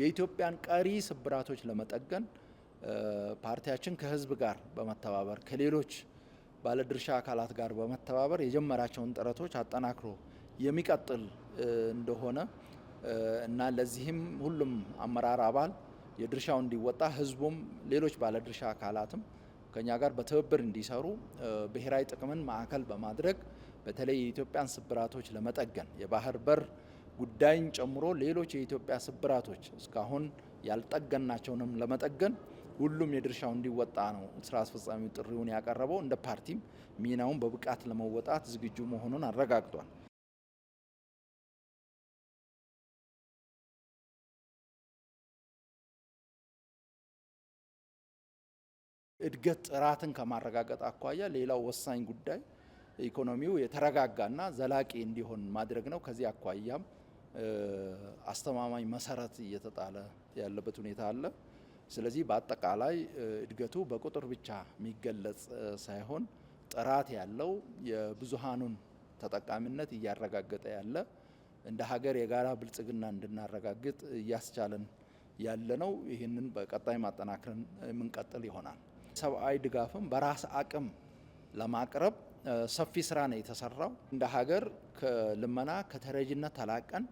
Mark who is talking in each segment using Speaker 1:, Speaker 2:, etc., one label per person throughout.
Speaker 1: የኢትዮጵያን ቀሪ ስብራቶች ለመጠገን ፓርቲያችን ከህዝብ ጋር በመተባበር ከሌሎች ባለድርሻ አካላት ጋር በመተባበር የጀመራቸውን ጥረቶች አጠናክሮ የሚቀጥል እንደሆነ እና ለዚህም ሁሉም አመራር አባል የድርሻው እንዲወጣ ህዝቡም ሌሎች ባለድርሻ አካላትም ከኛ ጋር በትብብር እንዲሰሩ ብሔራዊ ጥቅምን ማዕከል በማድረግ በተለይ የኢትዮጵያን ስብራቶች ለመጠገን የባህር በር ጉዳይን ጨምሮ ሌሎች የኢትዮጵያ ስብራቶች እስካሁን ያልጠገናቸውንም ለመጠገን ሁሉም የድርሻው እንዲወጣ ነው ስራ አስፈጻሚ ጥሪውን ያቀረበው። እንደ ፓርቲም ሚናውን በብቃት ለመወጣት ዝግጁ መሆኑን አረጋግጧል። እድገት ጥራትን ከማረጋገጥ አኳያ ሌላው ወሳኝ ጉዳይ ኢኮኖሚው የተረጋጋና ዘላቂ እንዲሆን ማድረግ ነው። ከዚህ አኳያም አስተማማኝ መሰረት እየተጣለ ያለበት ሁኔታ አለ። ስለዚህ በአጠቃላይ እድገቱ በቁጥር ብቻ የሚገለጽ ሳይሆን ጥራት ያለው የብዙሃኑን ተጠቃሚነት እያረጋገጠ ያለ እንደ ሀገር የጋራ ብልጽግና እንድናረጋግጥ እያስቻለን ያለ ነው። ይህንን በቀጣይ ማጠናክርን የምንቀጥል ይሆናል። ሰብአዊ ድጋፍም በራስ አቅም ለማቅረብ ሰፊ ስራ ነው የተሰራው። እንደ ሀገር ከልመና ከተረጅነት ተላቀን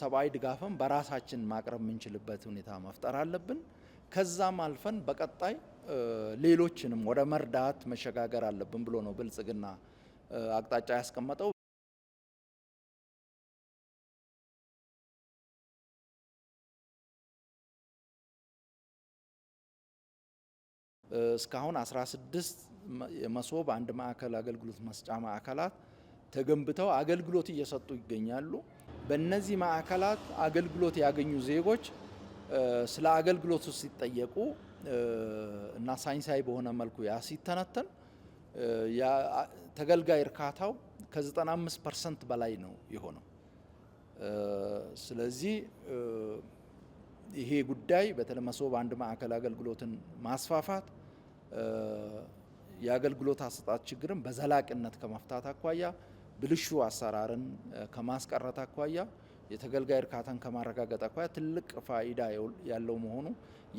Speaker 1: ሰብአዊ ድጋፍም በራሳችን ማቅረብ የምንችልበት ሁኔታ መፍጠር አለብን። ከዛም አልፈን በቀጣይ ሌሎችንም ወደ መርዳት መሸጋገር አለብን ብሎ ነው ብልጽግና አቅጣጫ ያስቀመጠው። እስካሁን 16 የመሶብ አንድ ማዕከል አገልግሎት መስጫ ማዕከላት ተገንብተው አገልግሎት እየሰጡ ይገኛሉ። በእነዚህ ማዕከላት አገልግሎት ያገኙ ዜጎች ስለ አገልግሎቱ ሲጠየቁ እና ሳይንሳዊ በሆነ መልኩ ያ ሲተነተን ተገልጋይ እርካታው ከ95 ፐርሰንት በላይ ነው የሆነው። ስለዚህ ይሄ ጉዳይ በተለይ መሶብ አንድ ማዕከል አገልግሎትን ማስፋፋት የአገልግሎት አሰጣጥ ችግርን በዘላቂነት ከመፍታት አኳያ ብልሹ አሰራርን ከማስቀረት አኳያ የተገልጋይ እርካታን ከማረጋገጥ አኳያ ትልቅ ፋይዳ ያለው መሆኑ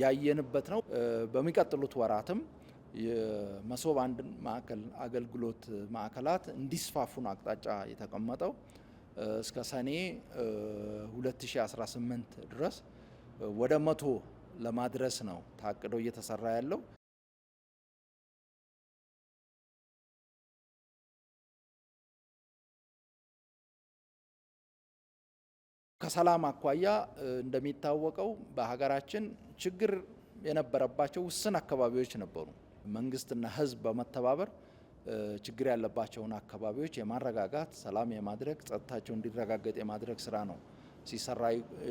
Speaker 1: ያየንበት ነው። በሚቀጥሉት ወራትም የመሶብ አንድ ማዕከል አገልግሎት ማዕከላት እንዲስፋፉን አቅጣጫ የተቀመጠው እስከ ሰኔ 2018 ድረስ ወደ መቶ ለማድረስ ነው ታቅዶ እየተሰራ ያለው። ከሰላም አኳያ እንደሚታወቀው በሀገራችን ችግር የነበረባቸው ውስን አካባቢዎች ነበሩ። መንግስትና ህዝብ በመተባበር ችግር ያለባቸውን አካባቢዎች የማረጋጋት ሰላም የማድረግ ጸጥታቸው እንዲረጋገጥ የማድረግ ስራ ነው ሲሰራ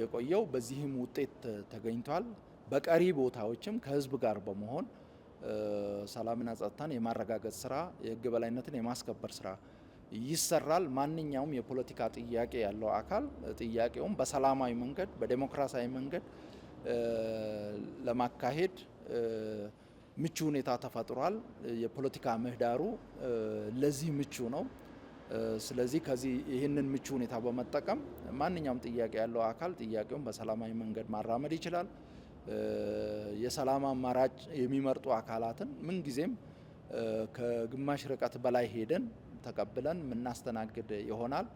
Speaker 1: የቆየው። በዚህም ውጤት ተገኝቷል። በቀሪ ቦታዎችም ከህዝብ ጋር በመሆን ሰላምና ጸጥታን የማረጋገጥ ስራ፣ የህግ በላይነትን የማስከበር ስራ ይሰራል። ማንኛውም የፖለቲካ ጥያቄ ያለው አካል ጥያቄውም በሰላማዊ መንገድ በዴሞክራሲያዊ መንገድ ለማካሄድ ምቹ ሁኔታ ተፈጥሯል። የፖለቲካ ምህዳሩ ለዚህ ምቹ ነው። ስለዚህ ከዚህ ይህንን ምቹ ሁኔታ በመጠቀም ማንኛውም ጥያቄ ያለው አካል ጥያቄውን በሰላማዊ መንገድ ማራመድ ይችላል። የሰላም አማራጭ የሚመርጡ አካላትን ምንጊዜም ከግማሽ ርቀት በላይ ሄደን ተቀብለን የምናስተናግድ ይሆናል።